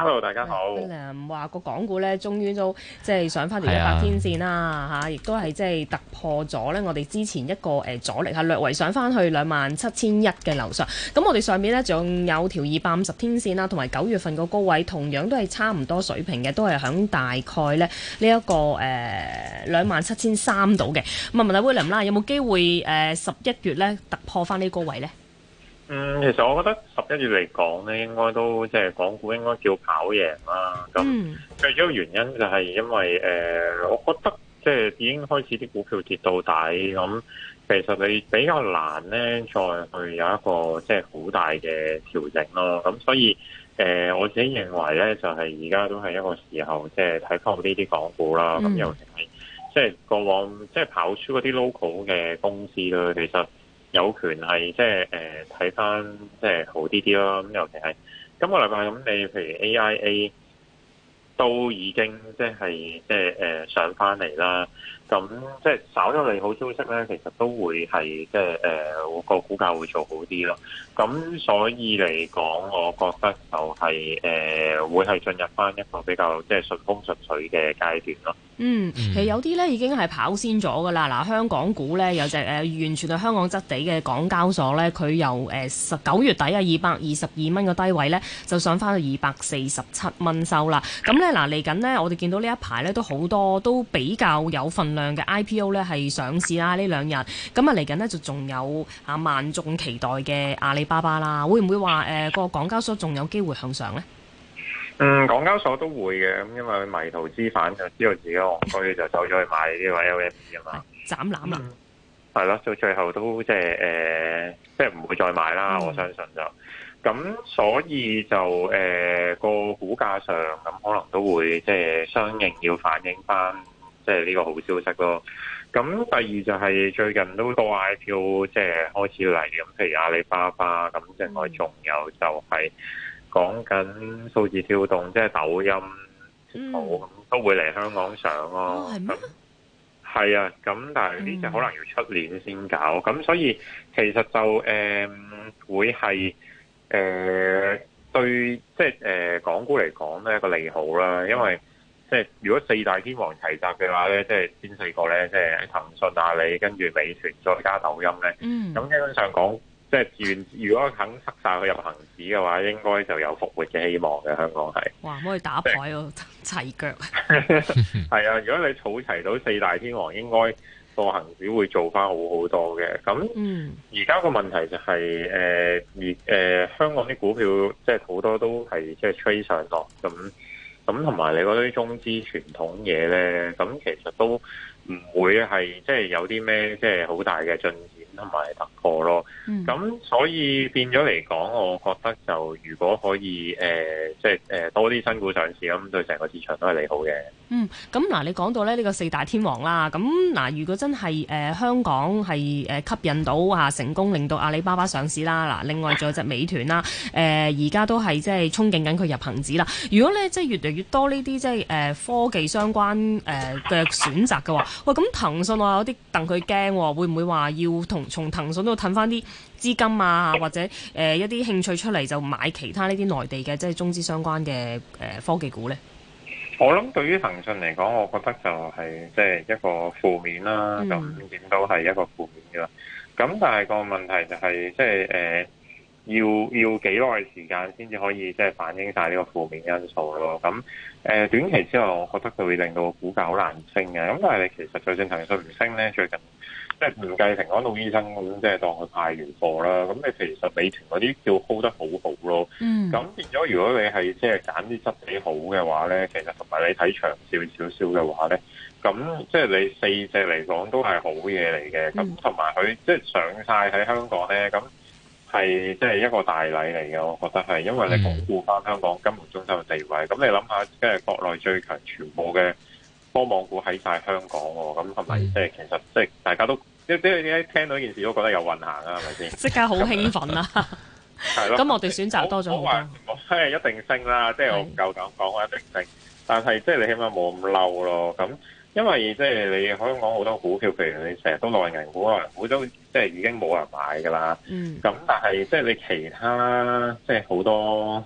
Hello，大家好。William 話個港股咧，終於都即係上翻條一百天線啦，嚇，亦都係即係突破咗咧，我哋之前一個誒阻力嚇，略為上翻去兩萬七千一嘅樓上。咁我哋上面咧仲有條二百五十天線啦，同埋九月份個高位同樣都係差唔多水平嘅，都係喺大概咧呢一個誒兩萬七千三度嘅。咁，呃，啊，問下 William 啦，有冇機會誒十一月咧突破翻呢個位咧？嗯，其實我覺得十一月嚟講咧，應該都即係港股應該叫跑贏啦。咁最主要原因就係因為誒、呃，我覺得即係已經開始啲股票跌到底，咁其實你比較難咧再去有一個即係好大嘅調整咯。咁所以誒、呃，我自己認為咧，就係而家都係一個時候，即係睇返呢啲港股啦。咁、嗯、尤其係即係過往即係跑出嗰啲 local 嘅公司咧，其實。有權係即係誒睇翻即係好啲啲咯，咁尤其係今個禮拜咁，你譬如 AIA 都已經即係即係誒上翻嚟啦。咁即係稍咗利好消息咧，其實都會係即係誒個股價會做好啲咯。咁所以嚟講，我覺得就係誒會係進入翻一個比較即係順風順水嘅階段咯。嗯，其實有啲咧已經係跑先咗噶啦。嗱，香港股咧有隻誒完全係香港質地嘅港交所咧，佢由誒十九月底啊二百二十二蚊嘅低位咧，就上翻去二百四十七蚊收啦。咁咧嗱嚟緊呢，我哋見到呢一排咧都好多都比較有份。嘅 IPO 咧係上市啦呢兩日，咁啊嚟緊咧就仲有啊萬眾期待嘅阿里巴巴啦，會唔會話誒個港交所仲有機會向上咧？嗯，港交所都會嘅，咁因為佢迷途知返，就知道自己戇居，就走咗去買呢 l m 股啊嘛，斬纜啊，係咯、嗯，到最後都即係誒，即係唔會再買啦，我相信就咁，嗯、所以就誒個股價上咁可能都會即係相應要反映翻。即係呢個好消息咯。咁第二就係最近都個 IPO 即係開始嚟，咁譬如阿里巴巴咁，另外仲有就係講緊數字跳動，即、就、係、是、抖音、小紅書咁、嗯、都會嚟香港上咯。係係、哦、啊，咁但係呢隻可能要出年先搞，咁、嗯、所以其實就誒、呃、會係誒、呃、對即係誒港股嚟講咧一個利好啦，因為，即係如果四大天王齊集嘅話咧，即係先四個咧，即係喺騰訊啊、你跟住美團再加抖音咧，咁基本上講，即係自願如果肯塞晒佢入恆指嘅話，應該就有復活嘅希望嘅。香港係哇，可以打牌喎，齊腳係啊！如果你儲齊到四大天王，應該個恆指會做翻好好多嘅。咁而家個問題就係誒誒，香港啲股票即係好多都係即係吹上落咁。咁同埋你嗰啲中資傳統嘢咧，咁其實都唔會係即係有啲咩即係好大嘅進展同埋突破咯。咁、嗯、所以變咗嚟講，我覺得就如果可以誒，即係誒多啲新股上市，咁對成個市場都係利好嘅。嗯，咁、嗯、嗱、嗯，你講到咧呢個四大天王啦，咁、嗯、嗱、嗯，如果真係誒、呃、香港係誒、呃、吸引到啊成功，令到阿里巴巴上市啦，嗱，另外仲有隻美團啦，誒而家都係即係憧憬緊佢入恆指啦。如果咧即係越嚟越多呢啲即係誒科技相關誒嘅、呃、選擇嘅話，喂，咁、嗯、騰訊我有啲戥佢驚喎，會唔會話要同從，從騰訊度褪翻啲資金啊，或者誒、呃、一啲興趣出嚟就買其他呢啲內地嘅即係中資相關嘅誒、呃、科技股咧？我諗對於騰訊嚟講，我覺得就係即係一個負面啦，咁點都係一個負面嘅噶。咁但係個問題就係、是，即係誒、呃，要要幾耐時間先至可以即係反映晒呢個負面因素咯。咁誒、呃，短期之內，我覺得佢會令到股價好難升嘅。咁但係你，其實就算騰訊唔升咧，最近。即係唔計平安老醫生咁，即係當佢派完貨啦。咁你其實美團嗰啲叫 hold 得好好咯。咁、嗯、變咗，如果你係即係揀啲質地好嘅話咧，其實同埋你睇長少少少嘅話咧，咁即係你四隻嚟講都係好嘢嚟嘅。咁同埋佢即係上晒喺香港咧，咁係即係一個大禮嚟嘅。我覺得係，因為你鞏固翻香港金融中心嘅地位。咁你諗下，即係國內最強全部嘅。多網股喺晒香港喎，咁係咪？即係、嗯、其實即係大家都即係聽到件事都覺得有運行啊，係咪先？即刻好興奮啊！係咯，咁我哋選擇多咗。我我一定升啦，即係我唔夠膽講，我一定升。但係即係你起碼冇咁嬲咯。咁因為即係你香港好多股票，譬如你成日都內銀股啊，股都即係已經冇人買㗎啦。嗯。咁但係即係你其他即係好多，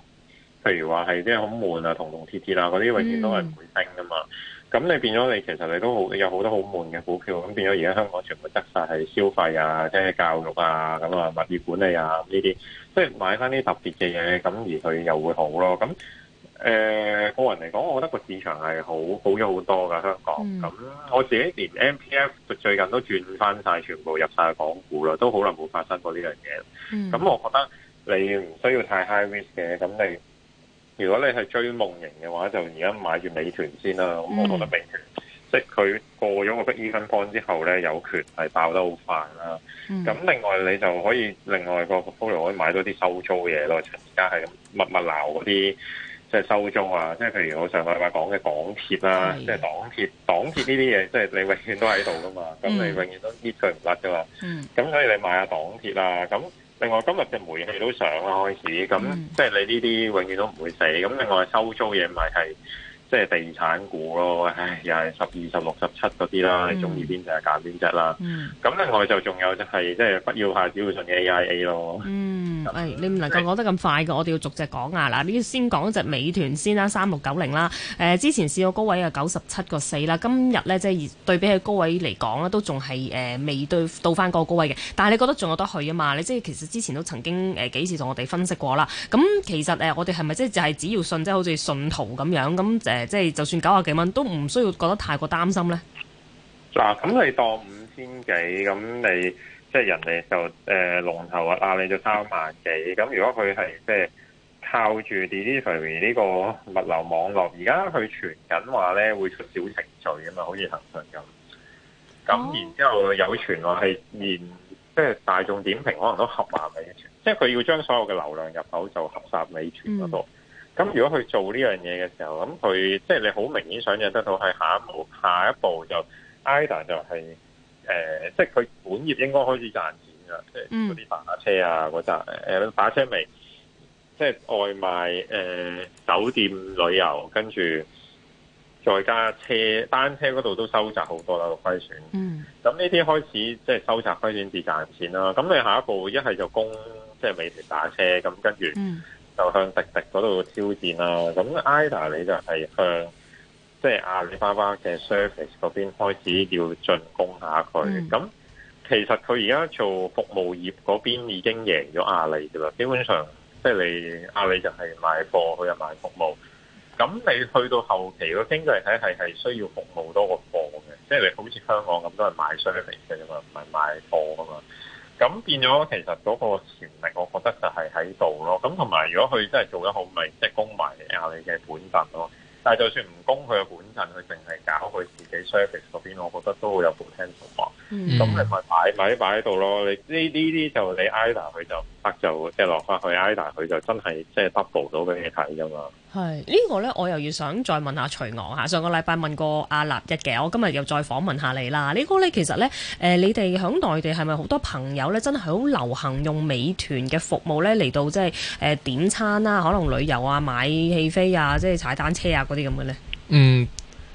譬如話係即係好悶啊，銅銅鐵鐵啊嗰啲，永遠都係唔會升㗎嘛。嗯。咁你變咗你其實你都好你有好多好悶嘅股票，咁變咗而家香港全部得晒係消費啊，即係教育啊，咁啊物業管理啊呢啲，即係買翻啲特別嘅嘢，咁而佢又會好咯。咁誒、呃、個人嚟講，我覺得個市場係好好咗好多㗎香港。咁、嗯、我自己連 M P F 最近都轉翻晒全部入晒港股啦，都好耐冇發生過呢樣嘢。咁、嗯、我覺得你唔需要太 high risk 嘅，咁你。如果你係追夢型嘅話，就而家買住美團先啦。咁、嗯、我覺得美團，即係佢過咗個 break even point 之後咧，有權係爆得好快啦。咁、嗯、另外你就可以另外個 follow 可以買到啲收租嘢咯。而家係咁密密鬧嗰啲即係收租啊，即係譬如我上個禮拜講嘅港鐵啦、啊，即係港鐵、港鐵呢啲嘢，即、就、係、是、你永遠都喺度噶嘛，咁、嗯、你永遠都跌佢唔甩噶嘛。咁、嗯、所以你買下港鐵啊，咁。另外今日嘅煤氣都上啦開始，咁即係你呢啲永遠都唔會死。咁另外收租嘢咪係。即係地產股咯，唉，又係十二、十六、十七嗰啲啦，嗯、你中意邊隻就揀邊隻啦。咁另外就仲有就係即係不要怕，只要信 AIA 咯。嗯，唉你唔能夠講得咁快嘅，我哋要逐隻講啊。嗱，呢先講隻美團先啦，三六九零啦。誒、呃，之前試過高位又九十七個四啦，今日呢，即係對比起高位嚟講咧，都仲係誒未對到翻個高位嘅。但係你覺得仲有得去啊嘛？你即係其實之前都曾經誒、呃、幾次同我哋分析過啦。咁、嗯、其實誒、呃、我哋係咪即係就係只要信即係、就是、好似信徒咁樣咁、嗯嗯嗯嗯嗯嗯嗯即係就算九廿幾蚊都唔需要覺得太過擔心咧。嗱，咁你當五千幾，咁你即係人哋就誒龍頭啊，阿里就三萬幾。咁如果佢係即係靠住 delivery 呢個物流網絡，而家佢傳緊話咧會出小程序㗎嘛，好似騰訊咁。咁然之後有傳話係連，即係大眾點評可能都合埋尾，即係佢要將所有嘅流量入口就合埋尾傳嗰度。咁如果佢做呢樣嘢嘅時候，咁佢即係你好明顯想像得到係下一步，下一步就 ida 就係、是、誒、呃，即係佢本業應該開始賺錢㗎、嗯啊呃，即係嗰啲打車啊嗰扎誒打車未？即係外賣、誒、呃、酒店、旅遊，跟住再加車單車嗰度都收窄好多啦，虧損。嗯。咁呢啲開始即係收窄虧損至賺錢啦。咁你下一步一係就供，即係美團打車，咁跟住。嗯。嗯就向滴滴嗰度挑戰啦、啊，咁 IDA 你就係向即係、就是、阿里巴巴嘅 service 嗰邊開始要進攻下佢。咁、嗯、其實佢而家做服務業嗰邊已經贏咗阿里噶啦，基本上即係、就是、你阿里就係賣貨，佢就賣服務。咁你去到後期嘅經濟體係係需要服務多過貨嘅，即、就、係、是、你好似香港咁都係賣商品嘅嘛，唔係賣貨啊嘛。咁變咗其實嗰個潛力，我覺得就係喺度咯。咁同埋如果佢真係做得好，咪即係供埋阿你嘅本陣咯。但係就算唔供佢嘅本陣，佢淨係搞佢自己 service 嗰邊，我覺得都會有 potential 喎。咁你咪擺咪擺喺度咯。嗯、你呢呢啲就，就你 IDA 佢就唔得就即係落翻去 IDA 佢就真係即係 double 到俾你睇㗎嘛。係，呢個呢，我又要想再問下徐昂嚇，上個禮拜問過阿立一嘅，我今日又再訪問下你啦。呢、呢個呢，其實呢，誒、呃、你哋喺內地係咪好多朋友呢？真係好流行用美團嘅服務呢，嚟到即係誒點餐啊，可能旅遊啊、買戲飛啊、即係踩單車啊嗰啲咁嘅呢？嗯。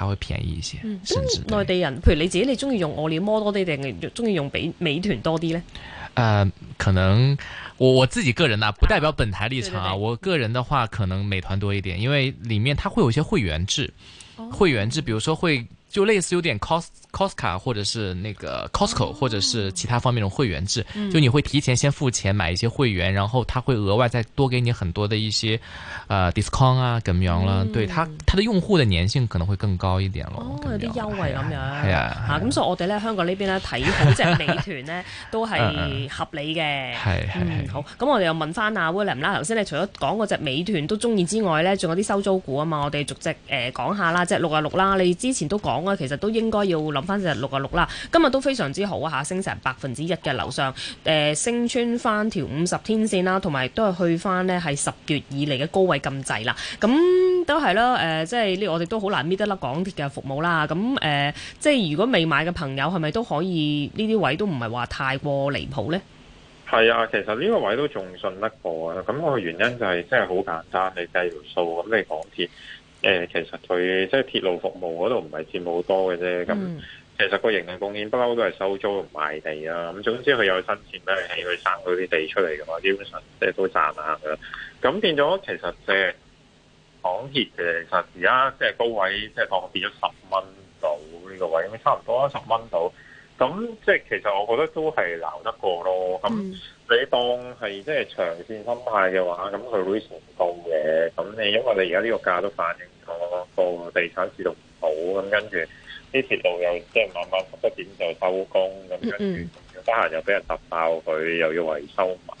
它會便宜一些，嗯、甚至內地人，譬如你自己，你中意用餓了麼多啲定係中意用美美團多啲咧？誒、呃，可能我我自己個人啦、啊，不代表本台立場啊。啊對對對，我個人的話，可能美團多一點，因為裏面它會有一些會員制，嗯、會員制，比如說會就類似有點 cost。Costco 或者是那個 Costco，或者是其他方面的會員制，就你會提前先付錢買一些會員，然後他會額外再多給你很多的一些，啊 discount 啊咁樣啦，對，他他的用戶的粘性可能會更高一點咯。哦，有啲優惠咁樣，係啊，吓，咁所以我哋咧香港呢邊咧睇好隻美團咧都係合理嘅，係，係，係，好，咁我哋又問翻阿 William 啦，頭先你除咗講嗰隻美團都中意之外咧，仲有啲收租股啊嘛，我哋逐隻誒講下啦，即係六啊六啦，你之前都講啊，其實都應該要。翻六啊六啦，今日都非常之好啊，升成百分之一嘅樓上，誒、呃、升穿翻條五十天線啦，同埋都係去翻呢係十月以嚟嘅高位禁滯啦。咁、啊嗯、都係咯，誒、呃、即係呢，這個、我哋都好難搣得甩港鐵嘅服務啦。咁、啊、誒、呃，即係如果未買嘅朋友，係咪都可以呢啲位都唔係話太過離譜呢？係啊，其實呢個位都仲信得過啊。咁個原因就係、是、真係好簡單，你計條數咁，你港鐵。誒，其實佢即係鐵路服務嗰度唔係佔好多嘅啫，咁其實個營運貢獻不嬲都係收租同賣地啊。咁總之佢有新錢咧，係佢賺佢啲地出嚟噶嘛，基本上即係都賺啊。咁變咗其實即係港鐵其實而家即係高位即係當變咗十蚊到呢個位，咁為差唔多十蚊到。咁即係其實我覺得都係撈得過咯。咁你當係即係長線心態嘅話，咁佢會成到嘅。咁你因為你而家呢個價都反映咗個地產市道唔好，咁跟住啲鐵路又即係慢慢十一點就收工，咁跟住得閒又俾人砸爆佢，又要維修埋。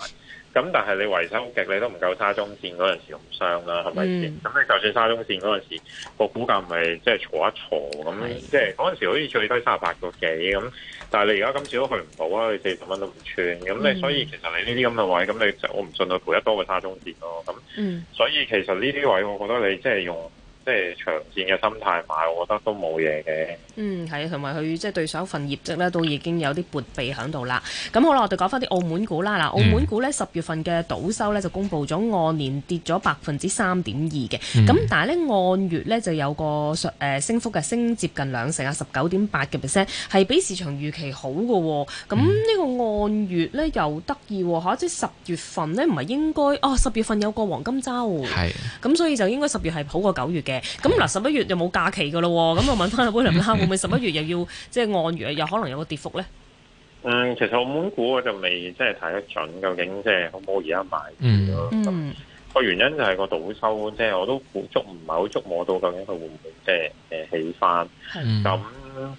咁但係你維修極你都唔夠沙中線嗰陣時用傷啦，係咪先？咁你就算沙中線嗰陣時，個股價咪即係坐一坐咁，即係嗰陣時好似最低三十八個幾咁，但係你而家今次都去唔到啊，你四十蚊都唔串。咁你、嗯、所以其實你呢啲咁嘅位，咁你就我唔信佢賠得多過沙中線咯，咁，嗯、所以其實呢啲位我覺得你即係用。即係長線嘅心態買，我覺得都冇嘢嘅。嗯，係，同埋佢即係對上一份業績咧，都已經有啲撥備喺度啦。咁好啦，我哋講翻啲澳門股啦。嗱、嗯，澳門股咧十月份嘅賭收咧就公布咗按年跌咗百分之三點二嘅。咁、嗯、但係咧按月咧就有個上誒、呃、升幅嘅，升接近兩成啊，十九點八嘅 percent 係比市場預期好嘅、哦。咁呢個按月咧又得意吓，即係十月份咧唔係應該哦，十月份有個黃金周，係咁的所以就應該十月係好過九月嘅。咁嗱十一月又冇假期噶咯、哦，咁我問翻阿威廉下，會唔會十一月又要即係按月又可能有個跌幅咧？嗯，其實澳門股我就未即係睇得準，究竟即係可唔可以而家買住咯？個、嗯、原因就係個賭收，即係我都捉唔係好捉摸到，究竟佢會唔會即係誒起翻？咁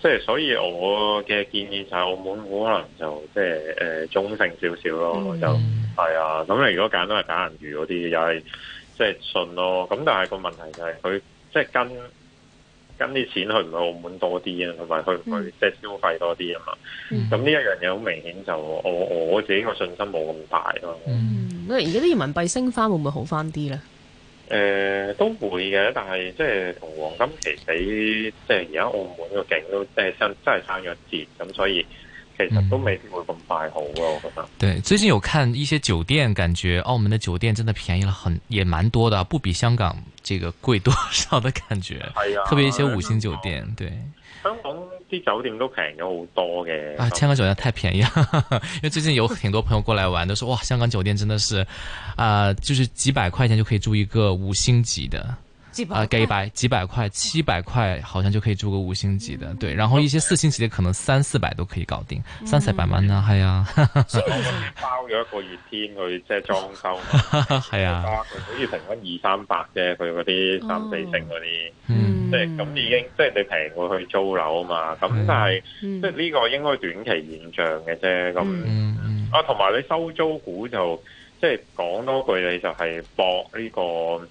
即係所以我嘅建議就係澳門股可能就即係誒中性少少咯，嗯、我就係啊。咁你如果揀都係銀娛嗰啲又係。即係信咯，咁但係個問題就係佢即係跟跟啲錢去唔去澳門多啲啊，同埋去唔去即係消費多啲啊嘛。咁呢一樣嘢好明顯就我我自己個信心冇咁大咯。嗯，咁而家啲人民幣升翻會唔會好翻啲咧？誒、呃，都會嘅，但係即係同黃金期比，即係而家澳門個景都即係真真係差咗截，咁所以。其實都未必會咁快好啊，我覺得。對，最近有看一些酒店，感覺澳門的酒店真的便宜了很，很也蠻多的，不比香港這個貴多少的感覺。係啊，特別一些五星酒店。嗯、對，香港啲酒店都便宜咗好多嘅。啊，香港酒店太便宜了， 因為最近有挺多朋友過來玩，都話哇，香港酒店真的是啊，呃，就是幾百塊錢就可以住一個五星級的。啊，幾百幾百塊，七百塊好像就可以租個五星級嘅。對，然後一些四星級嘅可能三四百都可以搞定，三四百蚊啦，係啊。我嗰包咗一個月天去即係裝修，係啊，好似平均二三百啫，佢嗰啲三四星嗰啲，嗯，即係咁已經，即係你平會去租樓啊嘛，咁但係即係呢個應該短期現象嘅啫，咁啊，同埋你收租股就即係講多句，你就係博呢個。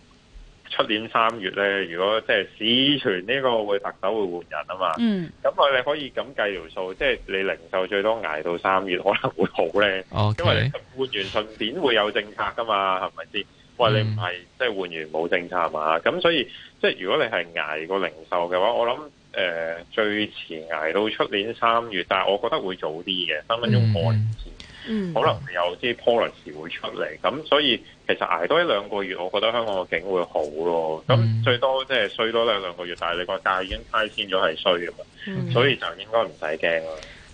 出年三月咧，如果即係市傳呢個會特首會換人啊嘛，咁我哋可以咁計條數，即係你零售最多挨到三月可能會好咧，Okay. 因為換完順便會有政策噶嘛，係咪先？喂、嗯，你唔係即係換完冇政策嘛？咁所以即係如果你係挨過零售嘅話，我諗誒最遲挨到出年三月，但係我覺得會早啲嘅，分分鐘過。嗯。嗯，可能有啲 policy 會出嚟，咁所以其實捱多一兩個月，我覺得香港個景會好咯。咁最多即係衰多兩兩個月，但係你個價已經差天咗係衰噶嘛，嗯、所以就應該唔使驚啦。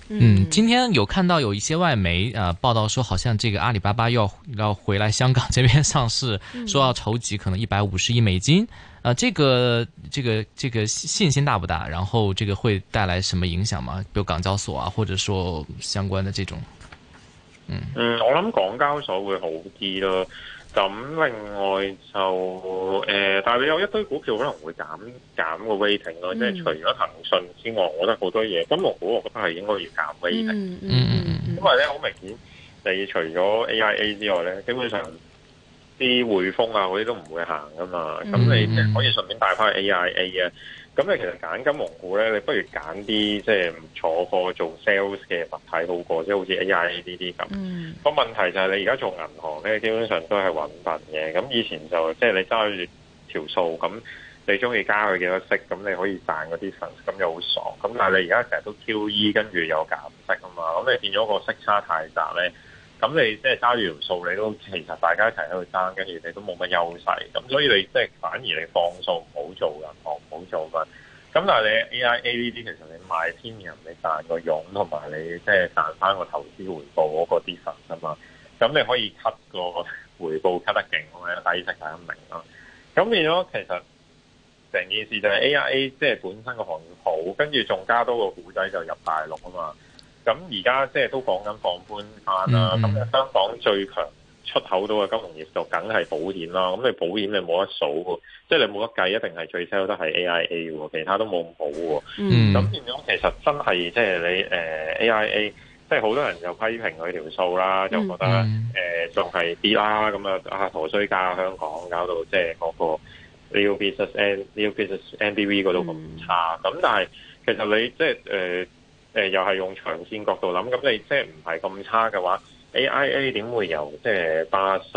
嗯，今天有看到有一些外媒啊、呃、報道說，好像這個阿里巴巴要要回來香港這邊上市，說要籌集可能一百五十億美金。啊、呃，這個這個這個信心大不大？然後這個會帶來什麼影響嗎？比如港交所啊，或者說相關的這種。嗯，mm hmm. 我諗港交所會好啲咯。咁另外就誒、呃，但係你有一堆股票可能會減減個 rating 咯，mm hmm. 即係除咗騰訊之外，我覺得好多嘢金融股我覺得係應該要減 rating 嗯因為咧好明顯，你除咗 AIA 之外咧，基本上啲、mm hmm. 匯豐啊嗰啲都唔會行噶嘛。咁、mm hmm. 你即係可以順便帶翻去 AIA 啊。咁你其實揀金蒙古咧，你不如揀啲即係唔坐貨做 sales 嘅物體好過，即係好似 AIA 呢啲咁。個、mm. 問題就係你而家做銀行咧，基本上都係揾笨嘅。咁以前就即係你揸住條數，咁你中意加佢幾多息，咁你可以賺嗰啲息，咁又好爽。咁但係你而家成日都 QE，跟住又減息啊嘛，咁你變咗個息差太窄咧。咁你即係揸住條數，你都其實大家一齊喺度爭，跟住你都冇乜優勢。咁所以你即係反而你放數，唔好做銀行，唔好做乜。咁但係你 A I A 呢啲，其實你買天人，你賺個傭同埋你即係賺翻個投資回報嗰個啲份啊嘛。咁你可以 cut 個回報 cut 得勁，我哋大耳赤睇得明咯。咁變咗其實成件事就係 A I A 即係本身個行業好，跟住仲加多個故仔就入大陸啊嘛。咁而家即係都講緊放寬限啦，咁香港最強出口到嘅金融業就梗係保險啦。咁你、嗯、保險你冇得數喎，即、就、係、是、你冇得計，一定係最 sell 得係 AIA 喎，其他都冇咁好喎。咁變咗其實真係即係你誒、呃、AIA，即係好多人又批評佢條數啦，嗯、就覺得誒仲係啲啦咁啊啊陀衰價香港搞到即係嗰個 New Business and New Business NBV 嗰度咁差。咁但係其實你即係誒。呃呃呃呃誒又係用長線角度諗，咁你即係唔係咁差嘅話，AIA 點會由即係八十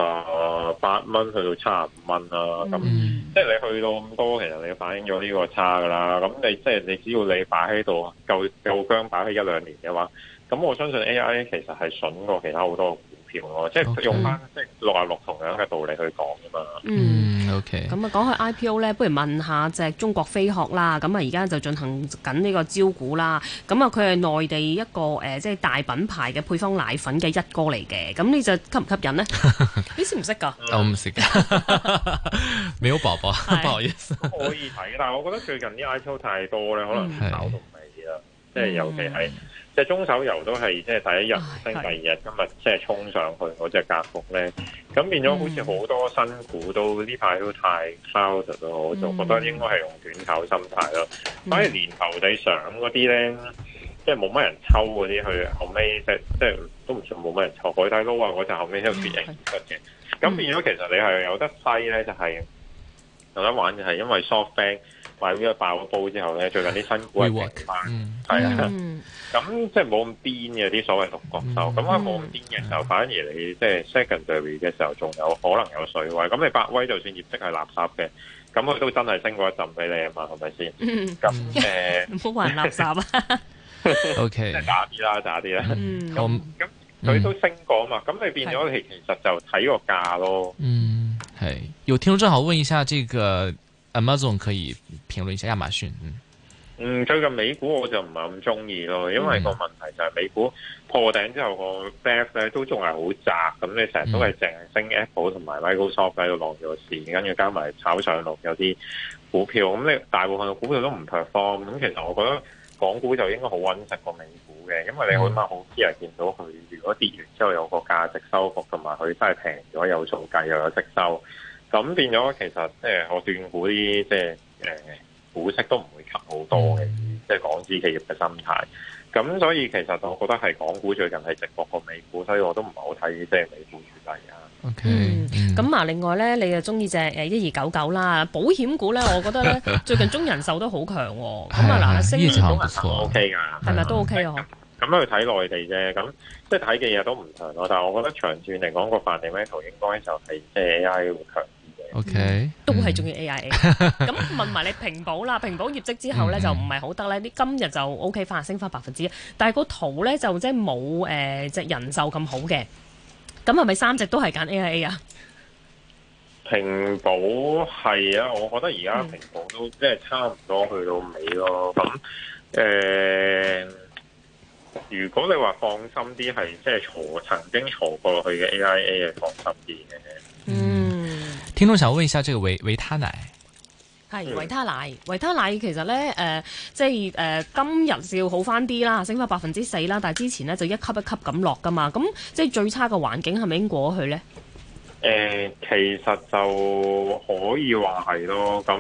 八蚊去到七十五蚊啊？咁、mm hmm. 即係你去到咁多，其實你反映咗呢個差噶啦。咁你即係你只要你擺喺度夠夠姜擺喺一兩年嘅話，咁我相信 AIA 其實係筍過其他好多即係用翻即六啊六同樣嘅道理去講噶嘛。嗯，OK。咁啊，講開 IPO 咧，不如問，問下隻中國飛鶴啦。咁啊，而家就進行緊呢個招股啦。咁啊，佢係內地一個誒，即、呃、係大品牌嘅配方奶粉嘅一哥嚟嘅。咁呢就吸唔吸引呢？你識唔識噶？ 我唔識， 吥 是 沒好，爸爸是，不好意思。可以睇，但係我覺得最近啲 IPO 太多啦，可能搞到唔嚟啦，即係是是尤其係。 即係中手遊都係即係第一日升，第二日今日即係衝上去嗰隻格局咧，咁變咗好似好多新股都呢排、嗯、都太 cloud 咗，我就覺得應該係用短炒心態咯。反而、嗯、年頭底上嗰啲咧，即係冇乜人抽嗰啲去後尾，即即係都唔算冇乜人抽海底撈啊，我就後尾都、嗯、變型唔得嘅。咁變咗其實你係有得揮咧、就係，就係有得玩，就係因為 SoftBank 買咗個爆煲之後咧，最近啲新股係平啊，咁即係冇咁癲嘅啲所謂獨角獸，咁啊冇咁癲嘅時候，反而你即係 secondary 嘅時候，仲有可能有水位。咁你百威就算業績係垃圾嘅，咁佢都真係升過一陣俾你啊嘛，係咪先？咁誒，唔好話垃圾啊，OK，打啲啦，打啲啦。咁咁佢都升過啊嘛，咁你變咗其實就睇個價咯。嗯，係。有聽眾正好問一下呢個。Amazon 可以評論一下亞馬遜，嗯，嗯，最近美股我就唔係咁中意咯，因為個問題就係美股破頂之後個 b a t 咧都仲係好窄，咁你成日都係淨係升 Apple 同埋 Microsoft 喺度落咗線，跟住加埋炒上落有啲股票，咁你大部分嘅股票都唔 perform，咁其實我覺得港股就應該好穩實過美股嘅，因為你起碼好啲人見到佢如果跌完之後有個價值收復，同埋佢真係平咗有數計又有息收。咁變咗其實，誒我斷估啲，即係誒股息都唔會吸好多嘅，mm. 即係港資企業嘅心態。咁所以其實我覺得係港股最近係直落個美股，所以我都唔係好睇即係美股預計啊。Okay. 嗯，咁啊，另外咧，你又中意隻誒一二九九啦，保險股咧，我覺得咧最近中人壽都好強喎。咁啊，嗱，升轉都唔錯，OK 㗎，係咪都 OK 啊？咁去睇內地啫，咁即係睇嘅嘢都唔同咯。但係我覺得長線嚟講，個發展 level 應該就係誒係會強。O Okay , K，、um. 嗯、都係中意 A I A。咁 問埋你平保啦，平保業績之後呢 就唔係好得呢。你今日就 O K 翻，升翻百分之，一。但係個圖呢，就即係冇誒，即、呃、人壽咁好嘅。咁係咪三隻都係揀 A I A 啊？平保係啊，我覺得而家平保都即係差唔多去到尾咯。咁誒、嗯呃，如果你話放心啲，係即係坐曾經坐過落去嘅 A I A 係放心啲嘅。嗯聽眾想問一下，這個維維他奶係維他奶，維是、嗯、他，他奶其實咧，誒、呃，即係誒，今日要好翻啲啦，升翻百分之四啦，但係之前咧就一級一級咁落噶嘛，咁、嗯、即係最差嘅環境係咪已經過去咧？誒、呃，其實就可以話係咯，咁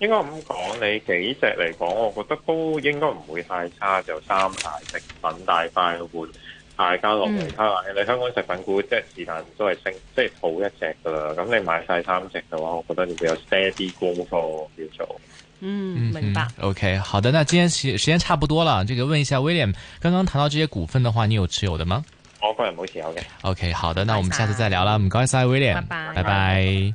應該咁講，你幾隻嚟講，我覺得都應該唔會太差，就三大食品大翻咗半。大家落嚟睇下，你香港食品股即係是但都係升，即係好一隻噶啦。咁你買晒三隻嘅話，我覺得你會有少少啲功夫要做。嗯，明白。OK，好嘅。那今天時時間差不多啦，這個問一下 William，剛剛談到這些股份嘅話，你有持有的嗎？我個人冇持有嘅。 嗯、OK，好嘅。那我們下次再聊啦。唔該晒，William，拜拜。